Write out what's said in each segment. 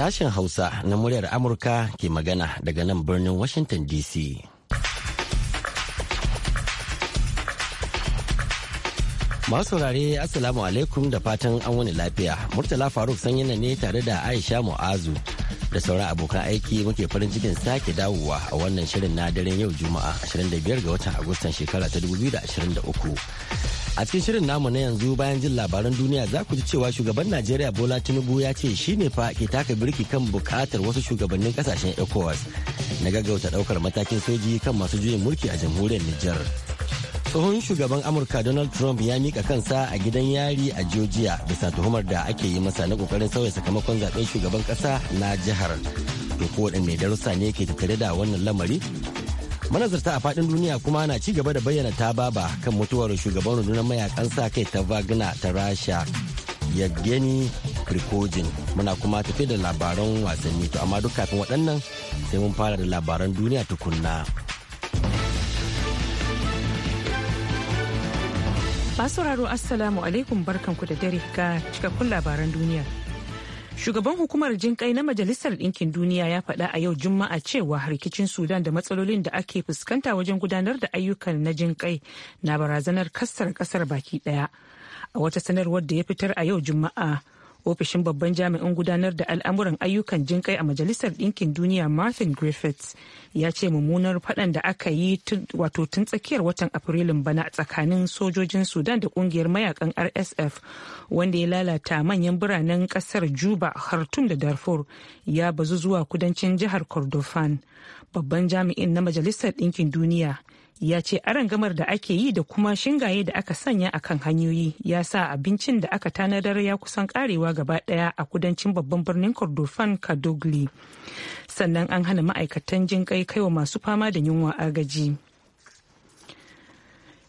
Sashen Hausa na muryar Amurka ke magana daga nan birnin Washington DC. Masu saurare Assalamu alaikum da fatan an wani lafiya. Murtala Faruk sanyina ne tare da Aisha Mu'azu da sauran abokan aiki muke farin cikin sake dawowa a wannan shirin na daren yau Juma'a 25 ga watan Agustan shekara ta 2023. a cikin shirin namu na yanzu bayan jin labaran duniya za ku ji cewa shugaban najeriya bola tinubu ya ce shi ne fa ke taka birki kan bukatar wasu shugabannin kasashen ecowas na gaggauta daukar matakin soji kan masu juyin mulki a jamhuriyar Nijar. tsohon shugaban amurka donald trump ya mika kansa a gidan yari a georgia bisa tuhumar da ake yi masa na kokarin sauya sakamakon zaben shugaban kasa na jihar to waɗanne darussa ne ke tattare da wannan lamari manazarta a fadin duniya kuma na ci gaba da bayyana ta baba kan mutuwar shugaban rundunar mayakan sa kai ta vagna ta rasha yevgeny prigozhin muna kuma tafi da labaran wasanni to amma duk kafin waɗannan sai mun fara da labaran duniya tukunna masu raro assalamu alaikum barkanku da dare ga cikakkun labaran duniya Shugaban hukumar jinƙai na Majalisar Ɗinkin Duniya ya faɗa a yau Juma'a cewa rikicin Sudan da matsalolin da ake fuskanta wajen gudanar da ayyukan na jinƙai na barazanar kasar ƙasar baki ɗaya. A wata sanarwar da ya fitar a yau Juma'a, ofishin babban jami'in gudanar da al'amuran ayyukan jinkai a majalisar ɗinkin duniya martin griffiths ya ce mummunar faɗan da aka yi wato tun tsakiyar watan afrilun bana tsakanin sojojin sudan da ƙungiyar mayakan rsf wanda ya lalata manyan biranen ƙasar juba Hartun da darfur ya bazu zuwa kudancin jihar kordofan babban jami'in na majalisar ɗinkin duniya ya ce gamar da ake yi da kuma shingaye da aka sanya a kan hanyoyi ya sa abincin da aka tanadar ya kusan karewa gaba daya a kudancin babban birnin kordofan kadogli sannan an hana ma'aikatan jin kai kaiwa masu fama da yunwa agaji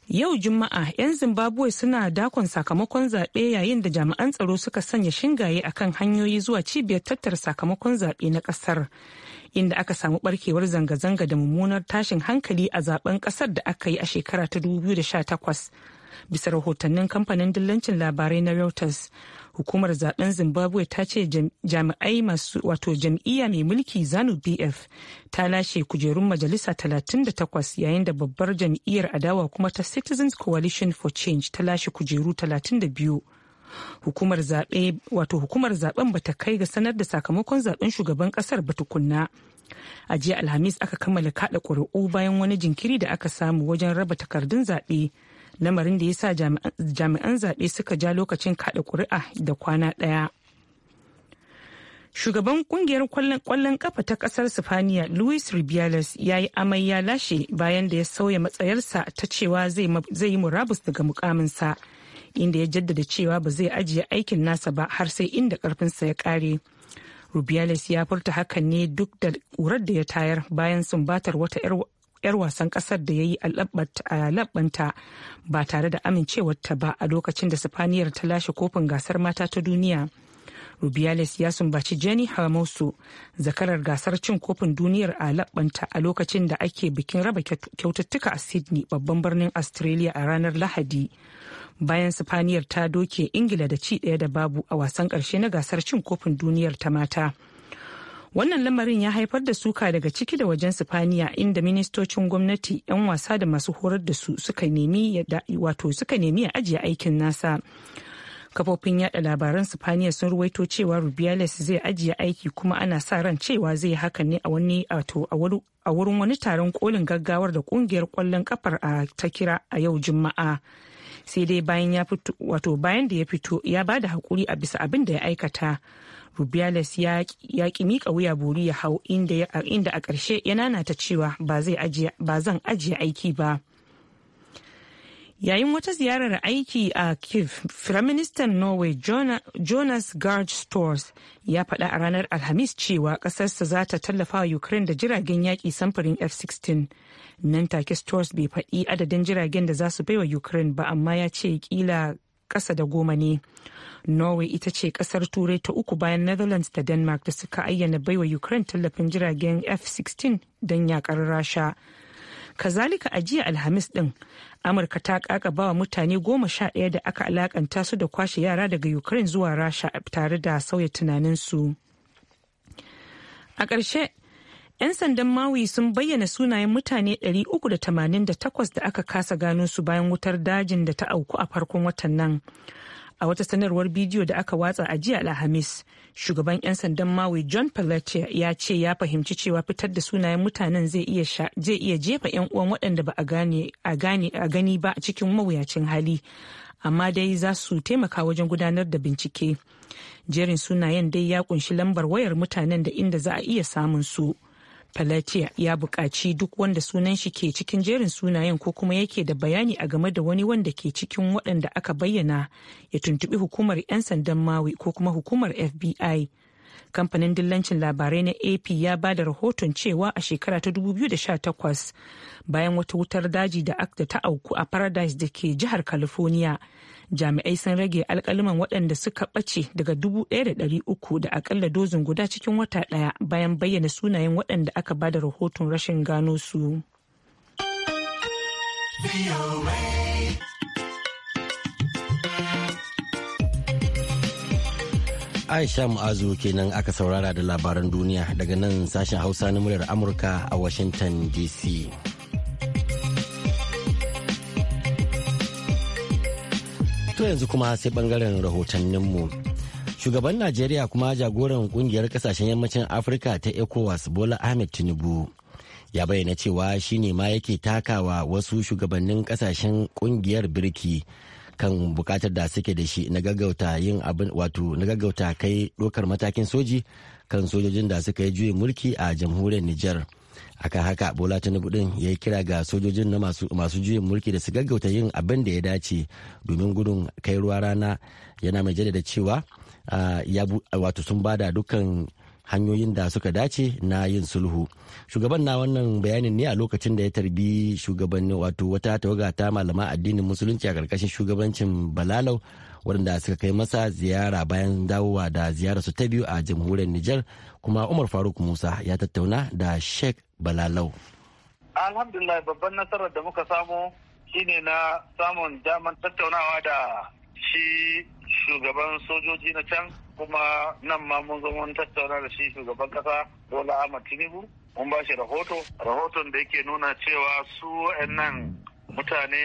yau juma'a 'yan zimbabwe suna dakon sakamakon zaɓe yayin da jami'an tsaro suka sanya shingaye akan hanyoyi zuwa cibiyar tattara sakamakon zaɓe na ƙasar inda aka samu barkewar zanga-zanga da mummunar tashin hankali a zaben kasar da aka yi a shekara ta 2018 bisa rahotannin kamfanin dillancin labarai na reuters hukumar zaben zimbabwe ta ce jami'ai masu wato jam'iyya mai mulki zanu bf ta lashe kujerun majalisa 38 yayin da babbar jam'iyyar adawa kuma ta citizens coalition for change ta lashe kujeru 32 hukumar zaɓe wato hukumar zaben bata kai ga sanar da sakamakon zaben shugaban ƙasar ba tukunna a jiya alhamis aka kammala kaɗa ƙuri'u bayan wani jinkiri da aka samu wajen raba takardun zaɓe lamarin da ya sa jami'an zaɓe suka ja lokacin kaɗa ƙuri'a da kwana ɗaya shugaban kungiyar kwallon kafa ta kasar sifaniya luis rubiales ya yi amai ya lashe bayan da ya sauya matsayarsa ta cewa zai yi murabus daga mukaminsa inda ya jaddada cewa ba zai ajiye aikin nasa ba har sai inda karfinsa ya kare. Rubiales ya furta hakan ne duk da ƙurar da ya tayar bayan sumbatar wata 'yar wasan kasar da ya yi a labbanta ba tare da amincewarta ba a lokacin da sifaniyar ta lashe kofin gasar mata ta duniya. rubiales ya sumbaci jenny hamosu zakarar gasar cin kofin duniyar a labanta a lokacin da ake bikin raba kyaututtuka a sydney babban birnin australia a ranar lahadi bayan sifaniyar ta doke ingila da ci daya da babu a wasan karshe na gasar cin kofin duniyar ta mata wannan lamarin ya haifar da suka daga ciki da wajen sifaniya inda ministocin gwamnati 'yan wasa da masu horar da su suka nemi ya ajiye aikin nasa kafofin yada labaran sifaniya sun ruwaito cewa rubiales zai ajiye aiki kuma ana sa ran cewa zai haka ne a wani a wurin wani taron kolin gaggawar da kungiyar kwallon kafar a ta kira a yau juma'a sai dai bayan ya fito wato bayan da ya fito ya ba da hakuri a bisa abin da ya aikata rubiales ya ki mika wuya buri ya hau inda a ƙarshe ya nanata cewa ba zan ajiye aiki ba Yayin wata ziyarar aiki a Kiev, Firaministan Norway Jonas Gard Stores ya faɗa a ranar Alhamis cewa ƙasarsa za ta tallafa wa Ukraine da jiragen yaƙi samfurin F-16. Nan take Stores bai faɗi adadin jiragen da za su baiwa Ukraine ba amma ya ce kila ƙasa da goma ne. Norway ita ce ƙasar Turai ta uku bayan Netherlands da Denmark da suka ayyana baiwa Ukraine tallafin jiragen F-16 don yakar Rasha. kazalika a jiya alhamis din amurka ta kaka bawa mutane goma sha ɗaya da aka alakanta su da kwashe yara daga ukraine zuwa rasha tare da sauya tunaninsu a ƙarshe 'yan sandan mawi sun bayyana sunayen mutane 388 da aka kasa gano su bayan wutar dajin da ta auku a farkon watan nan a wata sanarwar bidiyo da aka watsa a jiya alhamis shugaban 'yan sandan mawi john pelletier ya ce ya fahimci cewa fitar da sunayen mutanen zai iya jefa 'yan uwan waɗanda ba a gani ba a cikin mawuyacin hali amma dai za su taimaka wajen gudanar da bincike jerin sunayen dai ya kunshi lambar wayar mutanen da inda za a iya samun su. Palatia ya buƙaci duk wanda sunan shi ke cikin jerin sunayen ko kuma yake da bayani a game da wani wanda ke cikin waɗanda aka bayyana ya tuntuɓi hukumar 'yan sandan Mawi ko kuma hukumar FBI. Kamfanin dillancin labarai na AP ya ba da rahoton cewa a shekara ta 2018 bayan wata wutar daji da ta auku a Paradise da ke jihar California. jami'ai sun rage alkaliman waɗanda suka ɓace daga dubu ɗaya da ɗari uku da akalla dozin guda cikin wata ɗaya bayan bayyana sunayen waɗanda aka ba da rahoton rashin gano su. Aisha Mu'azu kenan aka saurara da labaran duniya daga nan sashen Hausa na muryar Amurka a Washington DC. To yanzu kuma sai bangaren rahotanninmu. Shugaban Najeriya kuma jagoran kungiyar kasashen yammacin Afirka ta ECOWAS Bola Ahmed Tinubu ya bayyana cewa shi ne ma yake takawa wasu shugabannin kasashen kungiyar birki kan bukatar da suke da shi na gaggauta yin abin wato na gaggauta kai dokar matakin soji kan sojojin da suka yi juyin mulki a jamhuriyar Nijar. akan haka bola tinubu din ya yi kira ga sojojin na masu juyin mulki da su gaggauta yin abin da ya dace domin gudun kai ruwa rana yana mai jaddada cewa wato sun bada dukkan hanyoyin da suka dace na yin sulhu shugaban na wannan bayanin ne a lokacin da ya tarbi shugabanni wato wata tawaga ta malama addinin musulunci a karkashin shugabancin balalau waɗanda suka kai masa ziyara bayan dawowa da ziyararsu ta biyu a jamhuriyar Nijar kuma Umar Faruk Musa ya tattauna da Sheikh Balalau. Alhamdulillah babban nasarar da muka samu shine na samun daman tattaunawa da shi shugaban sojoji na can kuma nan ma mun zo mun tattauna da shi shugaban kasa Bola Ahmad Tinubu mun ba shi rahoto rahoton da yake nuna cewa su nan mutane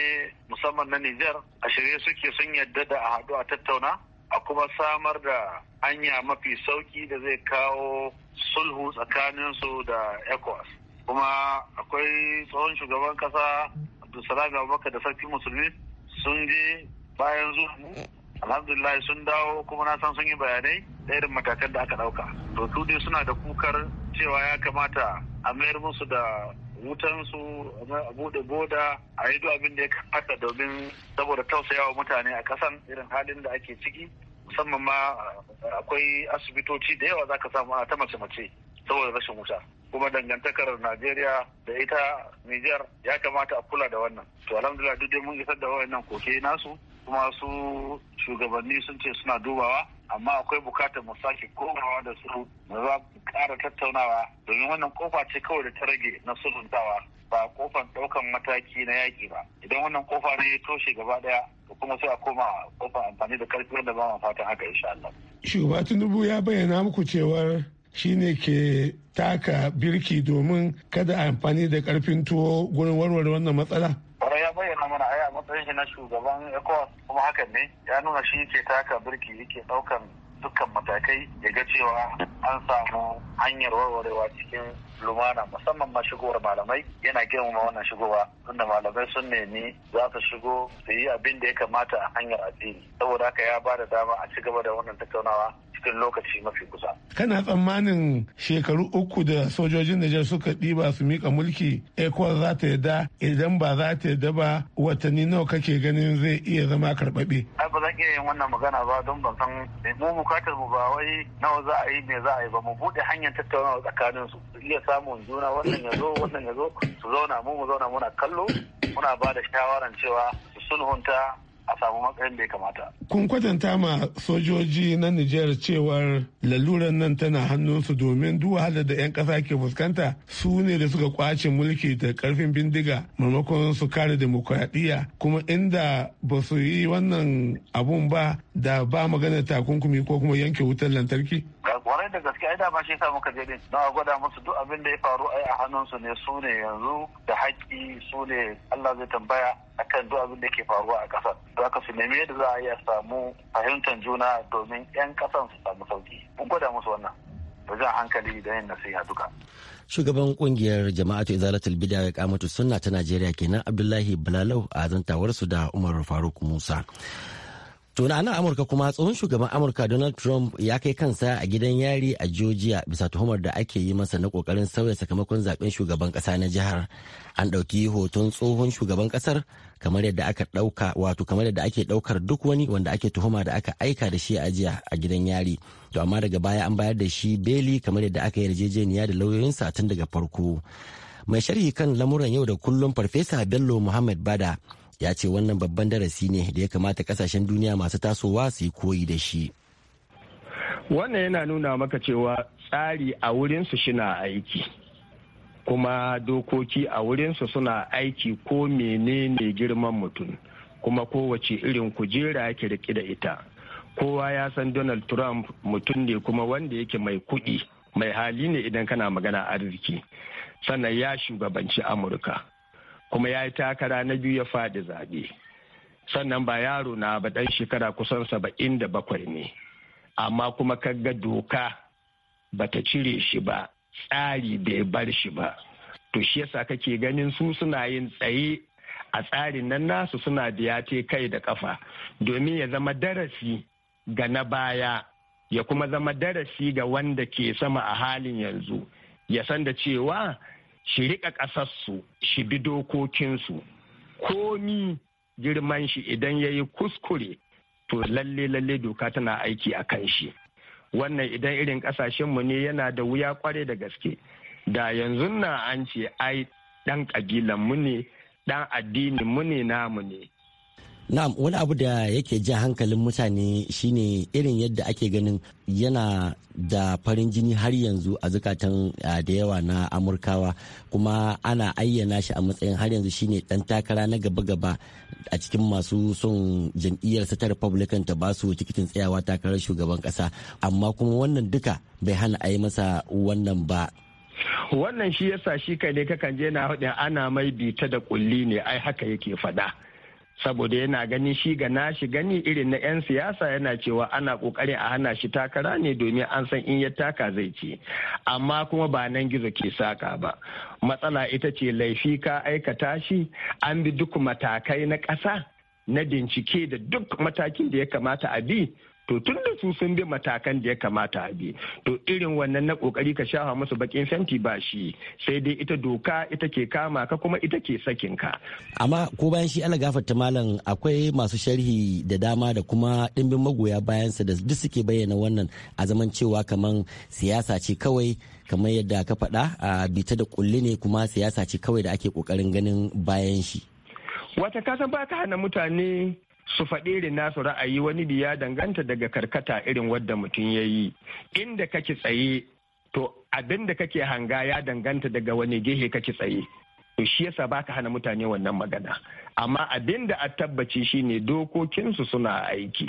musamman na Nijar a shirye suke sun yadda da a haɗu a tattauna a kuma samar da hanya mafi sauki da zai kawo sulhu tsakaninsu da ECOWAS. Kuma akwai tsohon shugaban ƙasa Abdulsalam Abubakar da sarki musulmi sun je bayan zuwa alhamdulillah sun dawo kuma na san sun yi bayanai da irin matakan da aka ɗauka. To su dai suna da kukar cewa ya kamata a mayar musu da wutansu a bude boda a yi duk abin da ya kamata domin saboda tausayawa mutane a kasan irin halin da ake ciki musamman ma akwai asibitoci da yawa zaka samu a ta mace-mace saboda rashin wuta kuma dangantakar Najeriya da ita niger ya kamata a kula da wannan to alhamdulillah duk mun isar da wayannan koke nasu kuma su shugabanni sun ce suna dubawa amma akwai bukatar mu sake komawa da su mu za mu ƙara tattaunawa domin wannan kofa ce kawai da ta rage na sulhuntawa ba kofan ɗaukan mataki na yaƙi ba idan wannan kofa ne ya toshe gaba ɗaya da kuma sai a koma kofa amfani da karfi wanda ba mu fatan haka insha Allah. Shugaba Tinubu ya bayyana muku cewar shine ke taka birki domin kada amfani da karfin tuwo gurin warware wannan matsala? matsayin shi na shugaban ECOWAS kuma hakan ne ya nuna shi ke taka birki yake ɗaukan dukkan matakai ya ga cewa an samu hanyar warwarewa cikin lumana musamman ma shigowar malamai yana girmama wannan shigowa tunda malamai sun nemi za su shigo su yi abin da ya kamata a hanyar addini saboda haka ya ba da dama a ci gaba da wannan tattaunawa cikin lokaci mafi kusa. Kana tsammanin shekaru uku da sojojin Nijar suka ɗiba su mika mulki ECOWAS za ta yadda idan ba za ta yadda ba watanni nawa kake ganin zai iya zama karɓaɓe. Ai ba zan iya yin wannan magana ba don ban san mu bukatar mu ba wai nawa za a yi me za a yi ba mu buɗe hanyar tattaunawa tsakanin su iya samun juna wannan ya zo wannan ya zo su zauna mu mu zauna muna kallo muna ba da shawaran cewa sulhunta a samu matsayin da ya kamata. Kun kwatanta ma sojoji na Nijar cewar laluran nan tana hannunsu domin duk wahalar da 'yan ƙasa ke fuskanta su ne da suka kwace mulki da ƙarfin bindiga maimakon su kare demokuraɗiyya kuma inda ba su yi wannan abun ba da ba magana takunkumi ko kuma yanke wutar lantarki. kwarai da gaske ai dama shi sa muka je din na gwada musu duk abin da ya faru ai a hannunsu ne su ne yanzu da haƙƙi su ne Allah zai tambaya akan duk abin da ke faruwa a ƙasa za ka su nemi yadda za a iya samu fahimtar juna domin 'yan ƙasan su samu sauki mun gwada musu wannan da jan hankali da yin nasiha duka shugaban kungiyar jama'atu izalatul bid'a ya kamatu sunna ta najeriya kenan abdullahi balalau a zantawarsu da umar faruk musa Tuna nan Amurka kuma tsohon shugaban Amurka Donald Trump ya kai kansa a gidan yari a Georgia bisa tuhumar da ake yi masa na kokarin sauya sakamakon zaben shugaban kasa na jihar. An ɗauki hoton tsohon shugaban kasar kamar yadda aka ɗauka wato kamar yadda ake ɗaukar duk wani wanda ake tuhuma da aka aika da shi a jiya a gidan yari. To amma daga baya an bayar da shi beli kamar yadda aka yarjejeniya da lauyoyinsa tun daga farko. Mai sharhi kan lamuran yau da kullum Farfesa Bello Muhammad Bada ya ce wannan babban darasi ne da ya kamata kasashen duniya masu tasowa su yi koyi da shi wannan yana nuna maka cewa tsari a wurinsu shina aiki kuma dokoki a wurinsu suna aiki ko menene girman mutum kuma kowace irin kujera yake rike da ita kowa ya san donald trump mutum ne kuma wanda yake mai kuɗi mai hali ne idan kana magana arziki sannan ya shugabanci amurka kuma ya yi takara na biyu ya faɗi zaɓe sannan ba yaro na ba ɗan shekara kusan saba'in da bakwai ne amma kuma ka ga doka bata cire shi ba tsari bai bar shi ba to shi yasa kake ganin su suna yin tsaye a tsarin nan nasu suna biyate kai da kafa domin ya zama darasi ga na baya ya kuma zama darasi ga wanda ke sama a halin yanzu ya san da cewa shi riƙa ƙasarsu shi bi dokokinsu komi girman shi idan ya yi kuskure to lalle lalle doka tana aiki a kan shi wannan idan irin ƙasashenmu ne yana da wuya kware da gaske da yanzu na an ce ai ɗan ƙabilanmu ne ɗan addinin mu ne namu ne Na'am wani abu da yake ja hankalin mutane shine irin yadda ake ganin yana da farin jini har yanzu a zukatan da yawa na Amurkawa kuma ana ayyana shi a matsayin har yanzu shine ɗan takara na gaba-gaba a cikin masu son jam'iyyar ta Republican ta ba su tikitin tsayawa takarar shugaban kasa amma kuma wannan duka bai hana a yi masa wannan ba wannan shi yasa shi kai ne kakan je na hudin ana mai bita da kulli ne ai haka yake fada saboda yana ganin shi ga nashi gani irin na 'yan siyasa yana cewa ana kokari a hana shi takara ne domin an san in ya taka zai ci amma kuma ba nan gizo ke saka ba matsala ita ce laifi ka aikata shi an bi duk matakai na ƙasa na bincike da duk matakin da ya kamata a bi to tun da su sun bi matakan da ya kamata a bi to irin wannan na kokari ka shafa musu bakin fenti ba shi sai dai ita doka ita ke kama ka kuma ita ke sakin ka amma ko bayan shi ana gafarta malam akwai masu sharhi da dama da kuma dimbin magoya bayan sa da duk suke bayyana wannan a zaman cewa kaman siyasa ce kawai kamar yadda ka faɗa a bita da kulle ne kuma siyasa ce kawai da ake ƙoƙarin ganin bayan shi. Wata kasan ba ka hana mutane su faɗi irin nasu ra'ayi wani ya danganta daga karkata irin wadda mutum ya yi inda kake tsaye to abin da kake hanga ya danganta daga wani gehe kake tsaye to shi yasa baka hana mutane wannan magana amma abin da a tabbaci shine dokokinsu suna aiki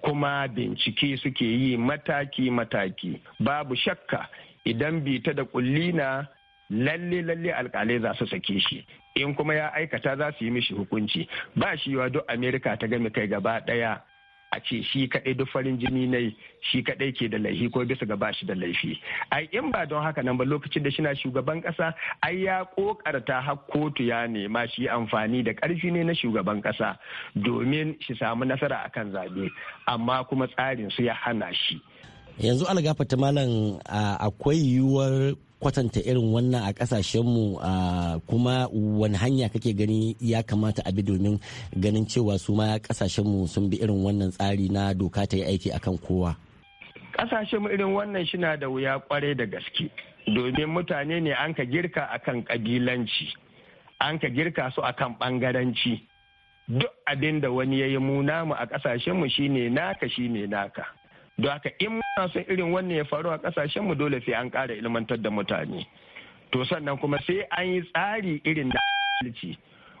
kuma bincike suke yi mataki-mataki babu shakka idan bita da kullina lalle lalle alkalai za su sake shi in kuma ya aikata za su yi mishi hukunci ba shi yiwa duk amerika ta gami kai gaba daya a ce shi kaɗai duk farin jini ne shi kaɗai ke da laifi ko bisa ga bashi da laifi ai in ba don haka nan ba lokacin da shi na shugaban ƙasa ai ya ƙoƙarta har kotu ya nema shi amfani da karfi ne na shugaban ƙasa domin shi samu nasara a kan zaɓe amma kuma tsarin su ya hana shi yanzu algafata malam akwai yiwuwar kwatanta irin wannan a kasashenmu kuma wani hanya kake gani ya kamata a bi domin ganin cewa su ma kasashenmu sun bi irin wannan tsari na doka ta yi aiki akan kowa kasashenmu irin wannan shina da wuya kwarai da gaske domin mutane ne an ka girka a kan kabilanci an ka girka su a kan bangaranci duk abin da wani ya yi mu namu a kasashenmu shine naka shine naka don haka in muna son irin wannan ya faru a kasashen mu dole sai an kara ilmantar da mutane to sannan kuma sai an yi tsari irin da jahilci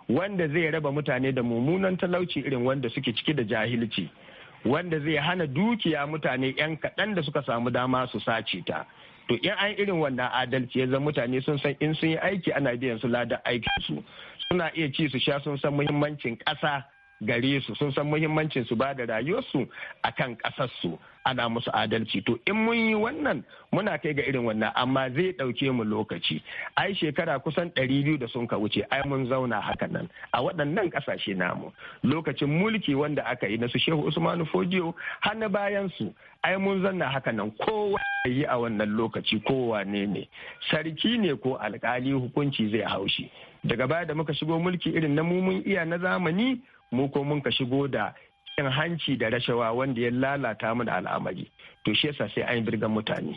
wanda zai raba mutane da mummunan talauci irin wanda suke ciki da jahilci wanda zai hana dukiya mutane 'yan kaɗan da suka samu dama su sace ta to in an irin wannan adalci ya zama mutane sun san in sun yi aiki ana biyan su ladan aikin su suna iya ci su sha sun san muhimmancin ƙasa gare su sun san muhimmancin su ba da rayuwarsu a kan ƙasarsu ana musu adalci to in mun yi wannan muna kai ga irin wannan amma zai ɗauke mu lokaci ai shekara kusan ɗari biyu da sun ka wuce ai mun zauna hakan nan a waɗannan ƙasashe namu lokacin mulki wanda aka yi na su shehu usmanu fojiyo har na bayan su ai mun zanna haka nan kowa yi a wannan lokaci kowa ne ne sarki ne ko alkali hukunci zai haushi daga baya da muka shigo mulki irin na mumun iya na zamani mu ko mun ka shigo da cin hanci da rashawa wanda ya lalata mu da al'amari to shi yasa sai an yi birgan mutane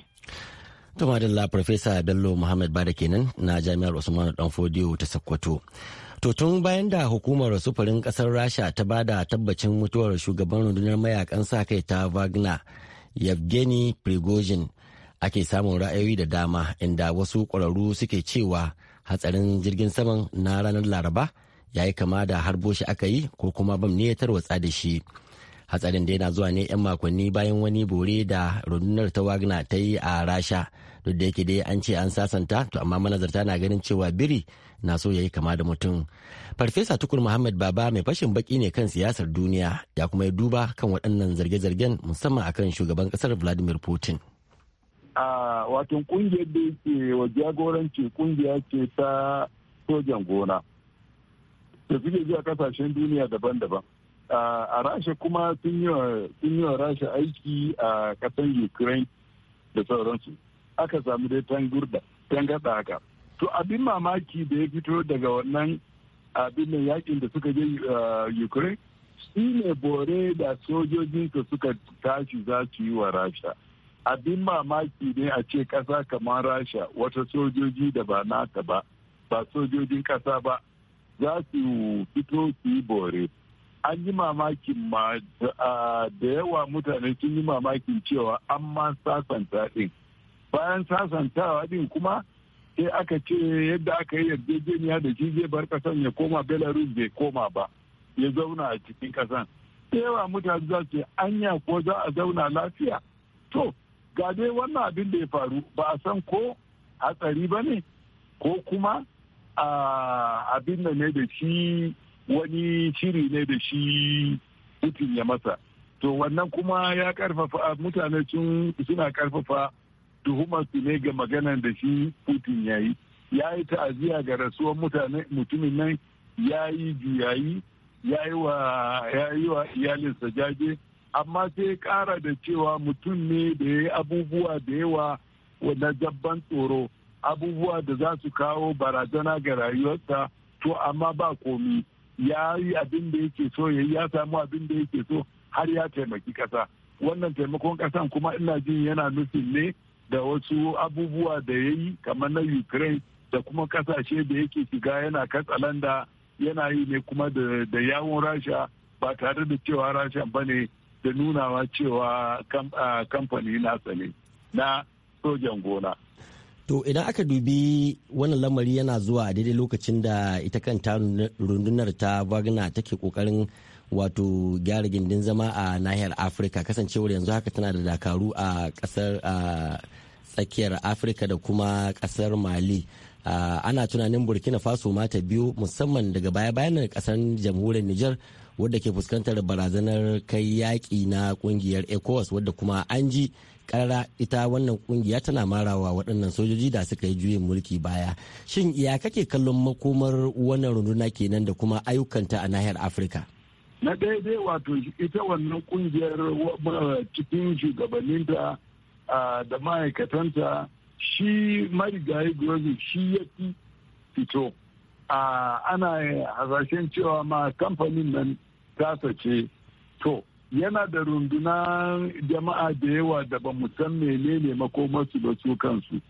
to madalla farfesa bello muhammad bada kenan na jami'ar usman dan fodio ta sokoto To tun bayan da hukumar sufurin kasar Rasha ta bada tabbacin mutuwar shugaban rundunar mayakan sa kai ta Wagner, Yevgeny Prigozhin, ake samun ra'ayoyi da dama inda wasu ƙwararru suke cewa hatsarin jirgin saman na ranar Laraba ya yi kama da harbo shi aka yi ko kuma bam ne ya tarwatsa da shi hatsarin da yana zuwa ne 'yan makonni bayan wani bore da rundunar ta wagner ta yi a rasha duk da yake dai an ce an sasanta to amma manazarta na ganin cewa biri na so ya yi kama da mutum farfesa tukur muhammad baba mai fashin baki ne kan siyasar duniya ya kuma ya duba kan waɗannan zarge-zargen musamman akan shugaban ƙasar vladimir putin a watan kungiyar da yake wa jagoranci kungiya ce ta sojan gona da suke zuwa kasashen duniya daban-daban a rasha kuma sun yi wa rasha aiki a kasan ukraine da sauransu aka samu dai tangurda tangarda haka to abin mamaki da ya fito daga wannan abin da yakin da suka je ukraine shi ne bore da sojojinsu suka tashi za su yi wa rasha abin mamaki ne a ce kasa kamar rasha wata sojoji da ba nata ba ba sojojin kasa ba za su fito su yi bore an yi mamakin ma da yawa mutane sun yi mamakin cewa an ma sasanta ɗin bayan sasantawa ɗin kuma sai aka ce yadda aka yi yarjejeniya da shi zai bar kasan ya koma belarus bai koma ba ya zauna a cikin kasan da yawa mutane za su anya ko za a zauna lafiya to ga dai wannan abin da ya faru ba a san ko hatsari ba ne ko kuma abin da ne da shi wani shiri ne da shi putin ya masa to wannan kuma ya karfafa mutane suna karfafa su ne ga maganan da shi putin ya yi ya yi ta'aziyya ga rasuwar mutane mutumin nan ya yi juyayi ya yi wa iyalinsa jaje amma sai ƙara da cewa mutum ne da ya yi abubuwa da yawa na jabban tsoro abubuwa da za su kawo barazana ga rayuwarsa to amma ba komi ya yi abin da yake so ya yi ya samu abin da yake so har ya taimaki ƙasa wannan taimakon ƙasan kuma ina jin yana nufin ne da wasu abubuwa da ya yi kamar na ukraine da kuma ƙasashe da yake shiga yana katsalanda yana yi ne kuma da yawon rasha ba tare da cewa rasha ba ne da nunawa cewa kamfani nasa ne na sojan gona To idan aka dubi wannan lamari yana zuwa a daidai lokacin da ita kanta rundunar ta Wagner take kokarin wato gyara gindin zama a nahiyar Afirka kasancewar yanzu haka tana da dakaru a kasar tsakiyar Afirka da kuma kasar Mali. ana tunanin Burkina Faso mata biyu musamman daga baya-bayan kasar jamhuriyar Nijar wadda ke fuskantar barazanar kai yaƙi na ƙungiyar ECOWAS wadda kuma an ji karara ita wannan kungiya tana marawa waɗannan sojoji da suka yi juyin mulki baya shin ya kake kallon makomar wannan runduna kenan da kuma ayyukanta a nahiyar afirka na daidai wato ita wannan kungiyar uh, cikin shugabanninta uh, da ma'aikatanta shi marigayi grozi shi ya fi fito uh, ana hasashen cewa ma kamfanin nan ta sace to yana da rundunan jama'a da yawa da ba mu san menene makomarsu ba su kansu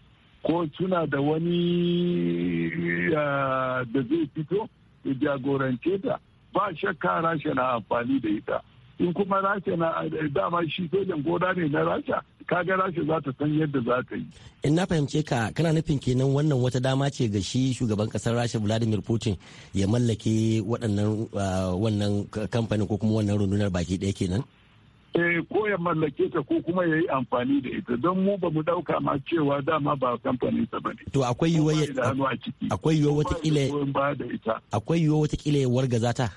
ko suna da wani da zai fito da jagorance ta ba shakka rasha na amfani da ita in kuma rasha na dama shi sojan gona ne na rasha kaga rasha za ta san yadda za ta yi in na fahimce ka kana nufin kenan wannan wata dama ce ga shi shugaban kasar rasha vladimir putin ya mallake waɗannan ah, wannan kamfanin ko kuma wannan rundunar baki ɗaya kenan eh ko ya mallake ta ko kuma ya yi amfani da ita don mu ba mu dauka ma cewa dama ba kamfanin sa bane to akwai yiwuwar akwai yiwuwar kila akwai yiwuwar kila ya wargaza ta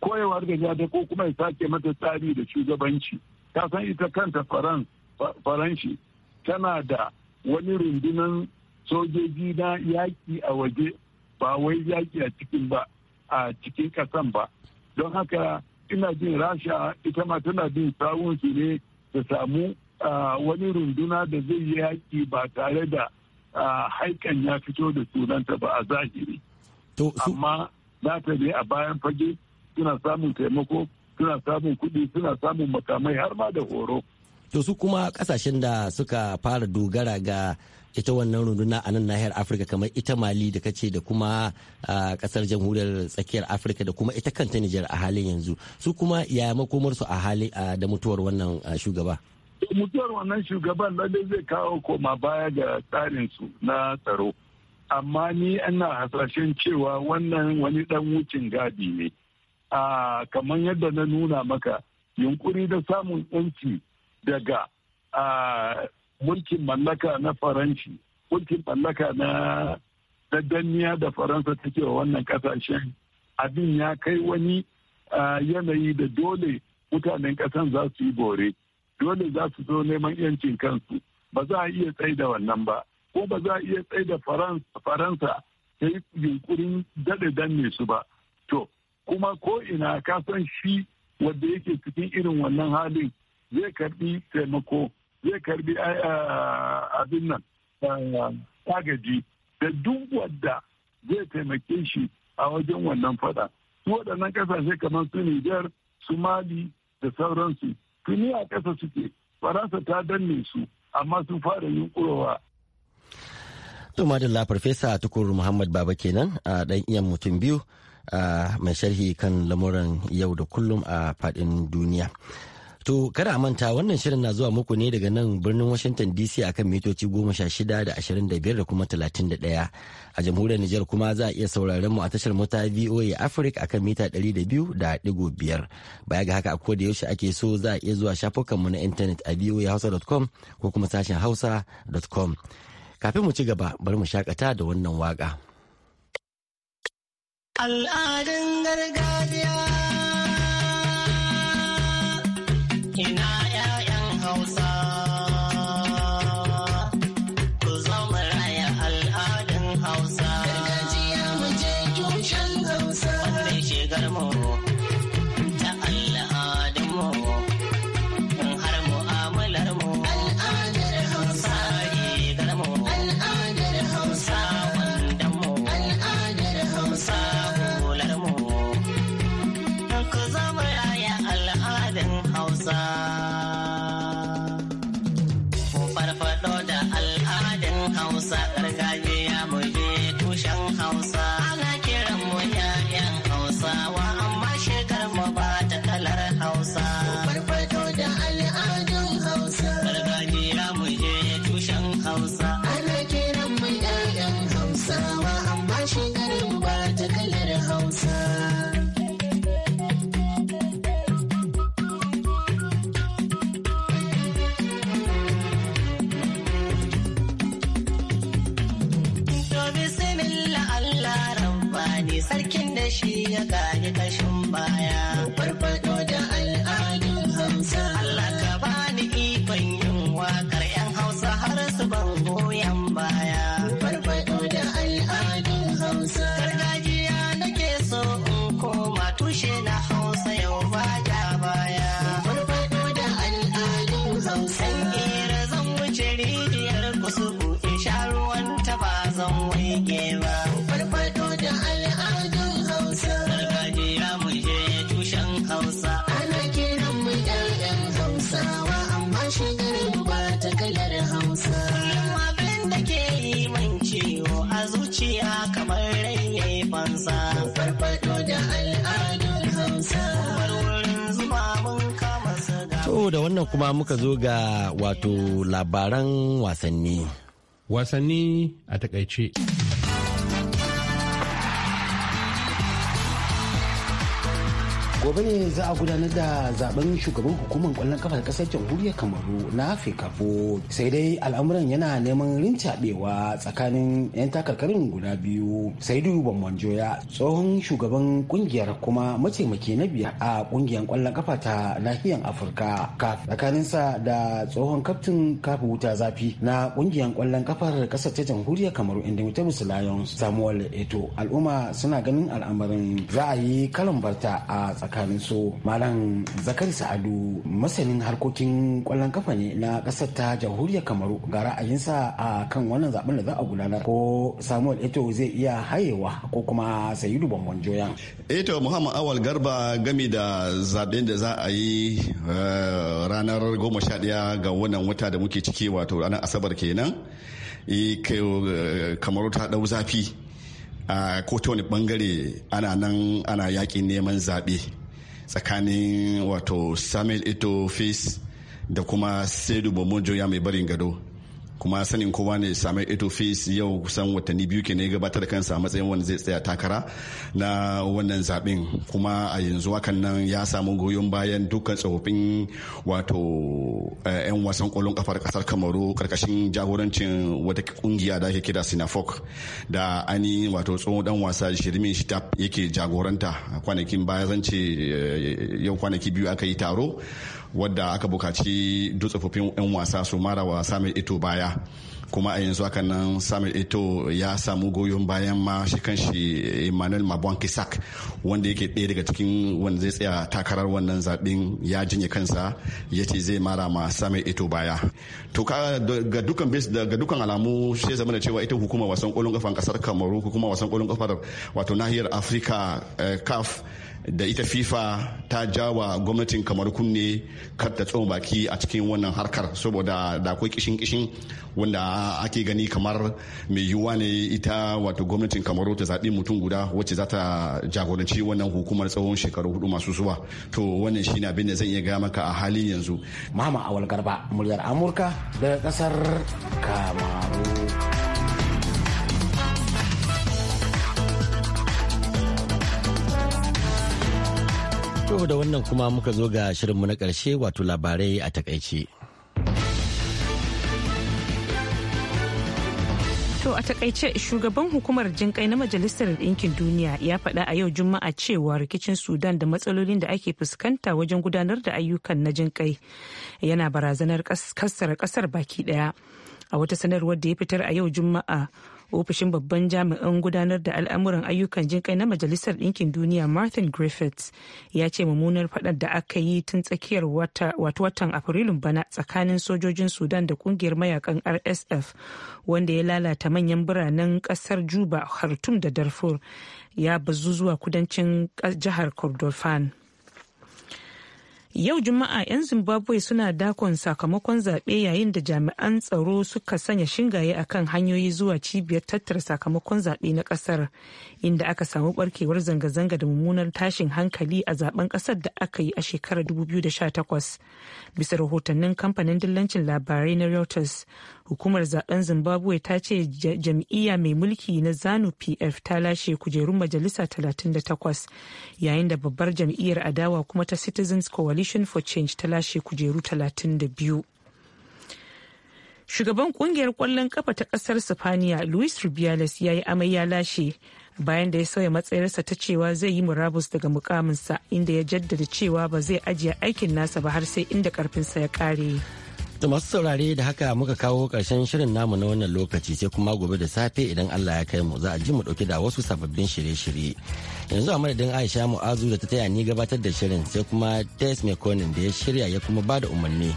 koyewar da ko kuma ya sake mata tsari da shugabanci ta san ita kanta faranshi tana da wani rundunan sojoji na yaƙi a waje ba wai yaƙi a cikin ba a cikin ƙasan ba don haka ina jin rasha ita ma tana jin sawun ne ta samu wani runduna da zai yi yaƙi ba tare da haikan ya fito da sunanta ba a zahiri amma za ta a bayan fage suna samun taimako suna samun kuɗi suna samun makamai har ma da horo to su kuma kasashen da suka fara dogara ga ita wannan runduna a nan nahiyar afirka kamar ita mali da kace da kuma kasar jamhuriyar tsakiyar afirka da kuma ita kanta nijar a halin yanzu su kuma yaya makomarsu a hali da mutuwar wannan shugaba mutuwar wannan shugaban lalle zai kawo koma baya ga tsarinsu na tsaro amma ni ana hasashen cewa wannan wani dan wucin gadi ne a kamar yadda na nuna maka yunkuri da samun yanci daga mulkin mallaka na faranci mulkin mallaka na da danniya da faransa take wa wannan kasashen abin ya kai wani yanayi da dole mutanen kasan za su yi bore dole za su zo neman yancin kansu ba za a iya da wannan ba ko ba za a iya da faransa ta yi yunkurin daɗe danne su ba to kuma ko ina ka san shi wadda yake cikin irin wannan halin zai karbi taimako zai karbi eh, eh, abin nan eh, agaji da duk wadda zai taimake shi a wajen wannan fada su waɗannan ƙasashe kamar su Nijar su Mali da sauransu tuni a ƙasa suke faransa ta danne su amma sun fara yunkurowa to madalla farfesa tukur muhammad baba kenan a ɗan iyan mutum biyu mai sharhi kan lamuran yau da kullum a fadin duniya. To kada a manta wannan shirin na zuwa muku ne daga nan birnin Washington DC akan mitoci goma sha shida da ashirin da biyar da kuma talatin da ɗaya. A jamhuriyar Nijar kuma za a iya sauraron mu a tashar mota VOA Africa akan mita ɗari da biyu da ɗigo biyar. Baya ga haka a da yaushe ake so za a iya zuwa shafukan mu na intanet a voahausa.com ko kuma sashen hausa.com. Kafin mu ci gaba bari mu shakata da wannan waka. Al'adun gargajiya. Ina outside Jones. da wannan kuma muka zo ga wato labaran wasanni wasanni a takaice gobe ne za a gudanar da zaben shugaban hukumar kwallon kafar kasar jamhuriyar kamaru na fekafo sai dai al'amuran yana neman rincaɓewa tsakanin 'yan takarkarin guda biyu sai saidu bambanjoya tsohon shugaban kungiyar kuma mataimaki na biyar a kungiyar kwallon kafa ta nahiyar afirka tsakaninsa da tsohon kaftin kafa wuta zafi na kungiyar kwallon kafar kasar ta jamhuriyar kamaru indomitable lions samuel eto al'umma suna ganin al'amarin za a yi kalan barta a tsakanin tsakanin su malam zakari sa'adu masanin harkokin kwallon kafa ne na kasar ta jamhuriyar kamaru ga ra'ayinsa a kan wannan zaben da za a gudanar ko samuel eto zai iya hayewa ko kuma sayidu bambam joyan eto muhammad awal garba gami da zaben da za a yi eh, ranar goma sha ɗaya ga wannan wata da muke ciki wato ranar asabar kenan eh, kamaru ta ɗau zafi a ko wani bangare ana nan ana yakin neman zaɓe tsakanin wato samuel ito face da kuma sedu bomonjo ya mai barin gado kuma sanin kowa ne sami etofis yau kusan watanni biyu ke ne gabatar kansa a matsayin wanda zai tsaya takara na wannan zaɓen kuma a yanzu hakan nan ya samu goyon bayan dukkan tsofaffin wato yan eh, wasan kwallon kafar kasar kamaru karkashin jagorancin wata kungiya da ake kira sinafok da ani wato tsohon dan wasa shirmin shitap yake jagoranta kwanakin baya zan ce eh, yau kwanaki biyu aka yi taro wadda aka bukaci dutsofofin 'yan wasa su mara wa samun ito baya kuma a yanzu haka nan samuel ito ya samu goyon bayan ma shi kanshi emmanuel mabon wanda yake ɗaya daga cikin wanda zai tsaya takarar wannan zaɓen ya jinye kansa ya ce zai mara ma samuel eto baya to ga dukkan ga dukkan alamu shi zama da cewa ita hukumar wasan ƙwallon ƙafar ƙasar kamaru hukumar wasan ƙolon ƙafar wato nahiyar afirka eh, caf da ita fifa ta jawa gwamnatin kamar kunne kar ta tsoma baki a cikin wannan harkar saboda da akwai kishin kishin wanda ake gani kamar mai yiwuwa ne ita wato gwamnatin kamaru ta zaɓi mutum guda wacce za ta jagoranci wannan hukumar tsawon shekaru hudu masu zuwa to wannan shi abin da zan iya gaya maka a halin yanzu mama awal garba muryar amurka daga kasar kamaru To da wannan kuma muka zo ga shirinmu na ƙarshe wato labarai a takaice. To a takaice shugaban hukumar jinƙai na Majalisar Ɗinkin Duniya ya faɗa a yau Juma'a cewa rikicin Sudan da matsalolin da ake fuskanta wajen gudanar da ayyukan na jinƙai yana barazanar kassara ƙasar baki ɗaya. A wata sanarwar da ya fitar a yau Juma'a ofishin babban jami'in gudanar da al'amuran ayyukan jinƙai na majalisar ɗinkin duniya martin griffiths ya ce mummunar faɗar da aka yi tun tsakiyar watan afrilun bana tsakanin sojojin sudan da ƙungiyar mayakan rsf wanda ya lalata manyan biranen ƙasar juba hartum da darfur ya bazu zuwa kudancin jihar kordofan Yau Juma'a 'yan Zimbabwe suna dakon sakamakon zaɓe yayin da jami'an tsaro suka sanya shingaye a kan hanyoyi zuwa cibiyar tattara sakamakon zaɓe na ƙasar inda aka samu barkewar zanga-zanga da mummunar tashin hankali a zaben ƙasar da aka yi a shekarar 2018. Bisa rahotannin kamfanin dillancin labarai na Reuters, hukumar zaben Zimbabwe ta ce jam'iyya mai mulki na Zanu PF ta lashe kujerun majalisa 38 yayin da babbar jam'iyyar adawa kuma ta Citizens Coalition coalition for change ta lashe kujeru 32 shugaban kungiyar kwallon kafa ta kasar sifaniya luis rubiales ya yi amai ya lashe bayan da ya sauya matsayarsa ta cewa zai yi murabus daga mukaminsa inda ya jaddada cewa ba zai ajiye aikin nasa ba har sai inda karfinsa ya kare. To masu saurare da haka muka kawo ƙarshen shirin namu na wannan lokaci sai kuma gobe da safe idan Allah ya kai mu za a ji mu ɗauki da wasu sababbin shirye-shirye. Yanzu a madadin Aisha Mu'azu da ta taya ni gabatar da shirin sai kuma Tess Mekonin da ya shirya ya kuma ba da umarni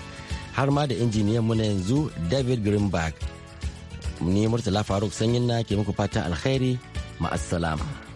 har ma da injiniyan mu na yanzu David Greenberg. Ni Murtala Faruk Sanyin na ke muku fatan alkhairi ma'assalama.